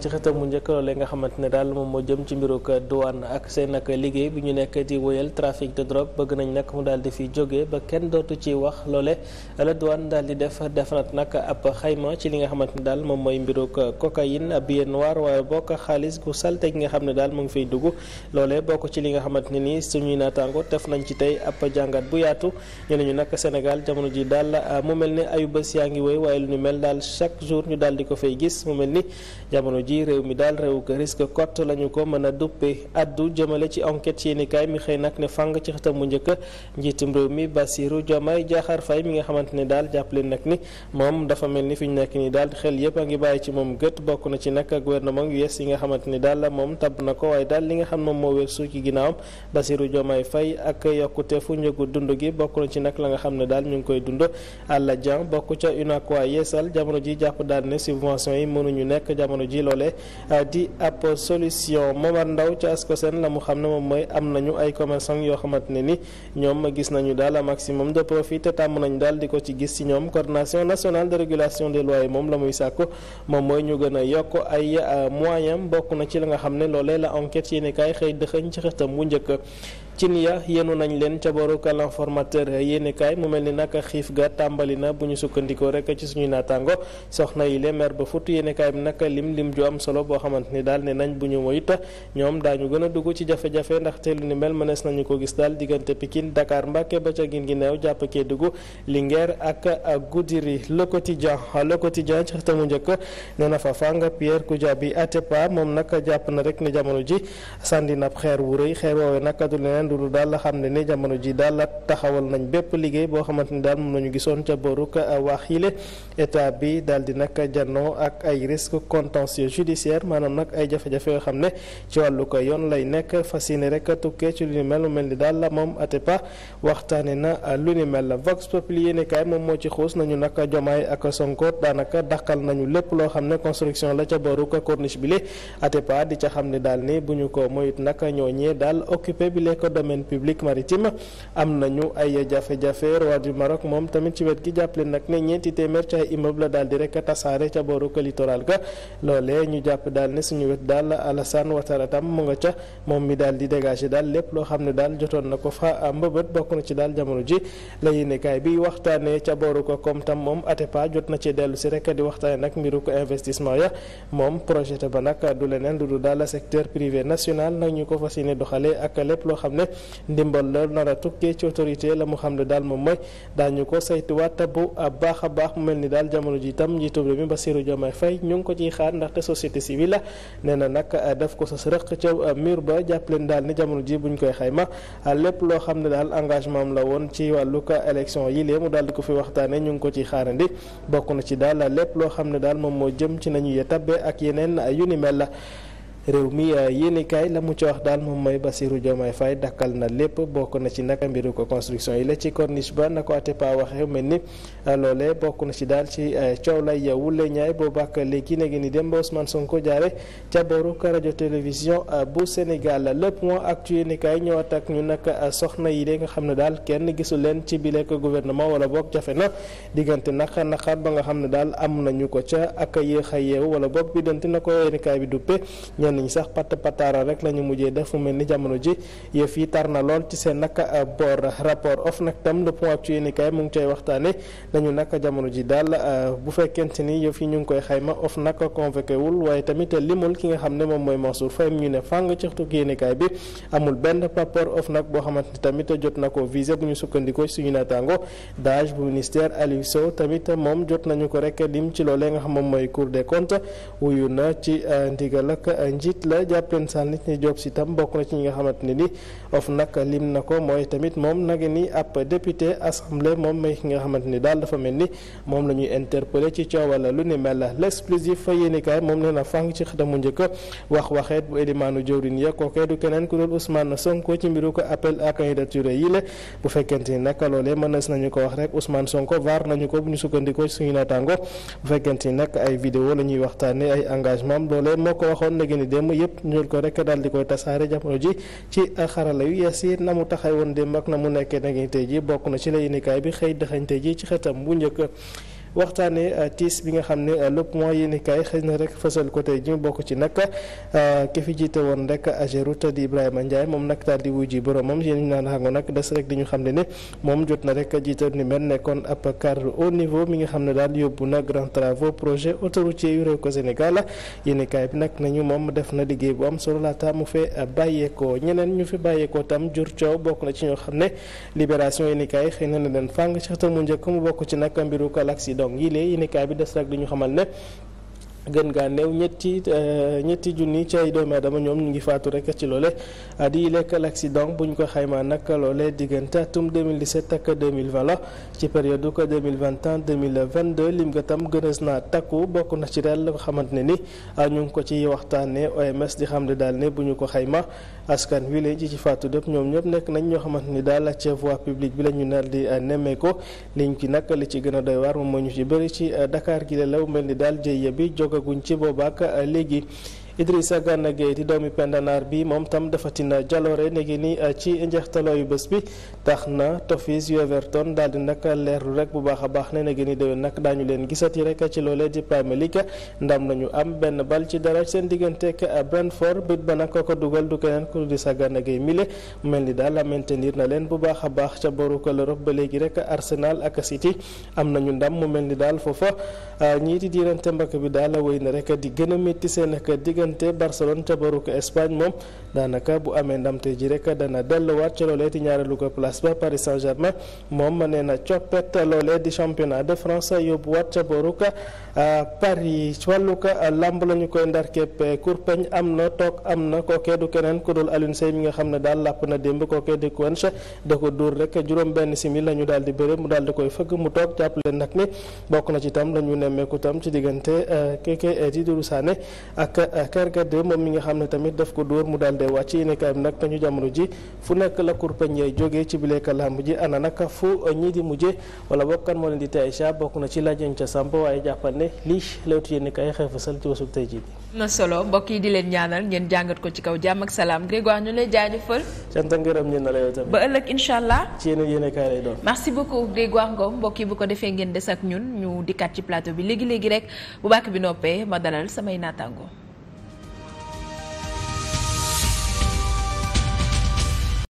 ci xëtam mu njëkk loolee nga xamante ne daal moom moo jëm ci mbiruk douane ak seen nag liggéey bi ñu nekk di wéyal trafic de drogue bëgg nañ nag mu daal di fi jógee ba kenn dootu ci wax loole la douane daal di def defanat nag ab xayma ci li nga xamante ne daal moom mooy mbiruk cocaïne billet noir waaye bokk xaalis gu salte gi nga xam ne daal mu ngi fay dugg loole bokk ci li nga xamante ne nii suñuy naataango def nañ ci tey ab jàngat bu yaatu ñu ne ñu nag Sénégal jamono ji daal mu mel ni ayu bés yaa ngi wéy waaye lu ñu mel daal chaque jour ñu daal di ko fay gis mu mel ni jamono ji réew mi daal réew ko risque cote la ñu ko mën a duppe addu jëmale ci enquête yéenikaay mi xëy nag ne fàng ci xëtam bu njëkk njiitum réew mi Bassirou Diomaye Diakhar Faye mi nga xamante ne daal jàppale nag ni moom dafa mel ni fi nekk ni daal xel yëpp a ngi bàyyi ci moom gët bokk na ci nag gouvernement yu yees yi nga xamante ni daal moom tab na ko waaye daal li nga xam moom moo weesu ci ginnaawam Bassirou Diomaye Faye ak yokkute fu njëgu dund gi bokk na ci nag la nga xam ne daal ñu ngi koy dund àlla jan bokk ca UNACOIS loolee euh, di ab solution Momar Ndaw ca Ascosen la mu xam ne moom mooy am nañu ay commerçant yoo xamante ne ni ñoom ma gis nañu daal a maximum de profit te tàmm nañu daal di ko ci gis ci ñoom coordination nationale de régulation des loyers moom la muy sàkku moom mooy ñu gën a yokk ay euh, moyens bokk na ci la nga xam ne loolee la enquête yéeni kaay xëy dëxëñ ci xëtam bu njëkk ci niya yenu nañ leen ca boru formateur Informateur yéenekaay mu mel ni nag xiif ga tàmbali na bu ñu sukkandikoo rek ci suñuy naataango soxna yi le ba fut yéenekaay bi nag lim lim ju am solo boo xamante ni daal ne nañ bu ñu moyta ñoom daañu gën a dugg ci jafe-jafe ndaxte lu ni mel mënees nañu ko gis daal diggante Pikine Dakar Mbàkke ba ca gin gi neew jàpp Kédougou Linguère ak Goudiri Le Quotidien Le Quotidien ci xëtamu njëkk ne na fa fàng Pierre Goudiaby Atepa moom nag jàpp na rek ne jamono ji sàndi nab xeer wu rëy xeer woowee nag du leneen lu daal la xam ne ni jamono ji daal la taxawal nañ bépp liggéey boo xamante ni daal moom la gisoon ca boruk euh, wax état bi daal di nag janoo ak ay risque contentieux judiciaire maanaam nag ay jafe-jafe yoo xam ne ci wàllu ko yoon lay nekk fas yéene rek tukkee ci lu ni mel mu mel ni daal la moom Atepa waxtaane na lu ni mel la Vox Populi yéene kaay moom moo ci xuus nañu nag jomaay ak Sonko daanaka daqal nañu lépp loo xam ne construction la ca boruk corniche bi domaine public maritime am nañu ay jafe-jafe roi du Maroc moom tamit ci wet gi jàppale nag ne ñeenti téeméer ci ay immeuble daal di rek tasaare ca booru littoral ga loolee ñu jàpp daal ne suñu wet daal Alassane Ouattara mu nga ca moom mi daal di dégager daal lépp loo xam ne daal jotoon na ko fa mbëbët bokk na ci daal jamono ji la yéenekaay bi waxtaanee ca booru ko comme tam moom Atepa jot na ci dellu si rek di waxtaane nag mbiru ko investissement ya moom projet ba nag du leneen du daal secteur privé ne ndimbal la nar a tukkee ci autorité la mu xam ne daal moom mooy daañu ko saytuwaat bu baax a baax mel ni daal jamono ji itam njiitu réew mi Bassirou Diomaye Faye ñu ngi ko ci xaar ndaxte société civile la nee na nag euh, def ko sas rëq ca euh, mur ba jàppaleen daal ne jamono ji buñ koy xayma euh, lépp loo xam ne daal engagement am la woon ci wàllu élection yi léemu daal di ko fi waxtaane ñu ngi ko ciy xaarandi bokk na ci daal lépp loo xam ne daal moom moo jëm ci nañu ye ak yeneen yu la réew mi eh, yéenekaay la mu ci wax daal moom mooy Bassirou Diomaye Faye dakkal na lépp bokk na ci nag mbiru ko construction yi la ci corniche ba na ko waxee mel ni eh, loolee bokk na ci daal ci eh, coow lay wule ñaay boo boobaak léegi na ni dem ba Ousmane ko jaare ca booru rajo télévision bu Sénégal lépp moo actu yéenekaay ñëwaat ak ñu nag soxna yi de nga xam ne daal kenn gisul leen ci bile ko wala boog jafe na diggante nag naqar ba nga xam ne daal am nañu ko ca ak yéex a wala boog bi dante na ko yéenekaay bi duppe ñenn ñi sax patt pataaral rek la ñu mujjee def mu mel ni jamono ji yëf yi tar na lool ci seen nag euh, boor rapport of nag tam le point ci yéenekaay mu ngi cay waxtaane nañu nag jamono ji daal euh, bu fekkente ni yëf yi ñu koy xayma of nag convoqué waaye tamit limul ki nga xam ne moom mooy Mansour Faye ñu ne fàng ci xëtu yéenekaay bi amul benn rapport of nag boo xamante ni tamit jot na visé bu ñu sukkandikoo suñu naataango daaj bu ministère Aliou Sow tamit njiit la jàppleen sal nit ñi job si tam bokk na ci nga xamante ne ni of nag lim na ko mooy tamit moom nag ni ab député assemblée moom may ki nga xamante ni daal dafa mel ni moom la ñuy interpellé ci coowal lu ni mel l'exclusif yéenikaay moom nee na fàng ci xëtamu njëkk wax waxeet bu élimaanu jëwriñ ya du keneen ku dul Ousmane Sonko ci mbiru ko appel à candidature yi la bu fekkente ni nag loolee mënees nañu ko wax rek Ousmane Sonko ko la ñuy waxtaane ay démb yëpp ñu jël ko rek daal di koy tasaare jamono ji ci xarala yu yees yi na mu taxay woon démb ak na mu nekkee nag tey ji bokk na ci la yéenekaay bi xëy dëxañ tey ji ci xetam bu njëkk waxtaanee euh, tiis bi nga xam ne euh, lépp mooy yéen xëy na rek fësal ko ji bokk ci nag euh, ki fi jiite woon rek Ageroute di Ibrahima Ndiaye moom nag daal di ji boromam yéen ñu naan xango nag des rek di ñu xam ne ne moom jot na rek jiite ni mel nekkoon ab au niveau mi nga xam ne daal yóbbu na grand travaux projet autoroutier yu ko Sénégal yéen bi nag nañu moom def na liggéey bu am laata mu fee bàyyeekoo ñeneen ñu fi bàyyeekoo tam jur coow bokk na ci ñoo xam ne libération yéen kaay xëy na leen fàng ci mu njëkk mu bokk ci nag mbiru accident donc yii lee yéenekaay bi des rek di ñu xamal ne gën gaa néew ñetti euh, ñetti junni ci ay doomu aadama ñoom ñu ngi faatu rek ci loole ah, di lekkal accident bu ñu ko xaymaa nag loole diggante atum 2017 ak 2020 la ci période ko 2021 2022 lim nga tam gënës naa takku bokk na ci daal la nga xamante ne ni ah, ñu ngi ko ci waxtaanee OMS di xam ne daal ne bu ñu ko xayma askan wi leen ci ci faatu dëpp ñoom ñëpp nekk nañ ñoo xamant ni daal ci voie publique bi la ñu nar di euh, nemmee ko liñ ki nag li ci gën a doy waar moom moo ñu ci bëri ci euh, Dakar gi la law mel ni daal jëye bi jóg jógaguñ ci boobaak euh, léegi Idrissa Gana Gueye di doomi pendanaar bi moom tam dafatina jaloore léegi ni eh, ci yu bés bi tax na tofis yu Everton daal di nag leerlu rek bu baax a baax ne léegi ni déwén nag daañu leen gisati rek ci loolee di Premier League ndam nañu am benn bal ci dara seen diggante digganteeg eh, Brentford bit ba nag ko dugal du keneen ku Idrissa Gana Gueye mile mel ni daal maintenir na leen bu baax a baax ca boru l'Europe ba léegi rek Arsenal ak City am nañu ndam mu mel ni daal foofa eh, ñii di bi daal wéy gën a métti diggante Barcelone ca baruko Espagne moom daanaka bu amee ndamte ji rek dana delluwaat ca loolee di ñaareelu ko place ba Paris Saint-Germain moom nee na coppet loolee di championnat de France yóbbuwaat ca baruko Paris ci wàllu ko làmb la ñu koy ndarkepp kurpeñ am na toog am na kookee du keneen ku dul Alioune Seye mi nga xam ne daal làpp na démb kookee di Quench da ko dóor rek juróom benn simili la ñu daal di bëre mu daal di koy fëgg mu toog jàpp leen nag ni bokk na tam la ñu nemmeeku tam ci diggante euh, keke Didou Sané ak Garga 2 moom mi nga xam ne tamit daf ko dóor mu daal di wàcc yéenekaay bi nag ñu jamono ji fu nekk la kurpeñ yay jógee ci bileeka làmb ji ana naka nag ñii di mujje wala bokkan moo leen di tey bokk na ci laajoñ ca sàmp waaye jàppal ne lii Leewtoo yéenekaay xëy fasal ci wasub tey jii na solo mbokk yi di leen ñaanal ngeen jàngat ko ci kaw jàmm ak salaam Grégoire ñu lay jaajëfal sant ngërëm ñën na la yow ba ëllëg incha allah ci yeneen yéenekaay lay doon merci beaucoup ko Ngom mbokk yi bu ko defee ngeen des ak ñun ñu dikkaat ci plateau bi léegi-léegi rek bu bàkk bi noppee ma dalal samay naataango